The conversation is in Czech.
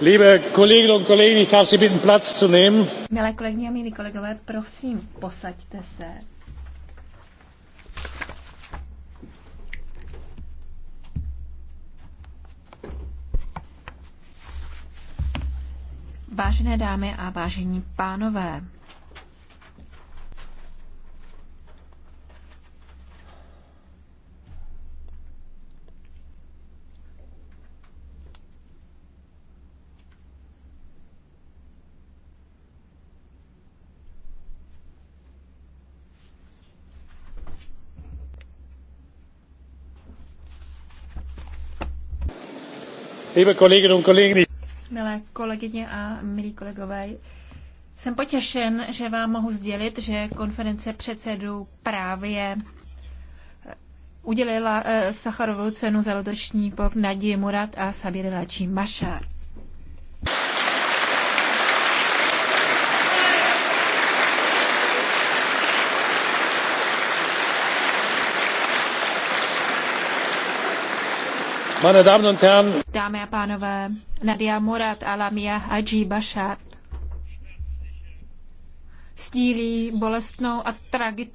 Liebe Kolleginnen und Kollegen, ich darf Sie bitten, Platz zu nehmen. Milé kolegyně a milí kolegové, prosím, posaďte se. Vážené dámy a vážení pánové, Milé kolegyně a milí kolegové, jsem potěšen, že vám mohu sdělit, že konference předsedů právě eh, udělila eh, Sacharovou cenu za letošní pop Nadii Murat a Sabir Lačí Mašar. Dámy a pánové, Nadia Murad Alamia Haji Bashar stílí bolestnou a tragickou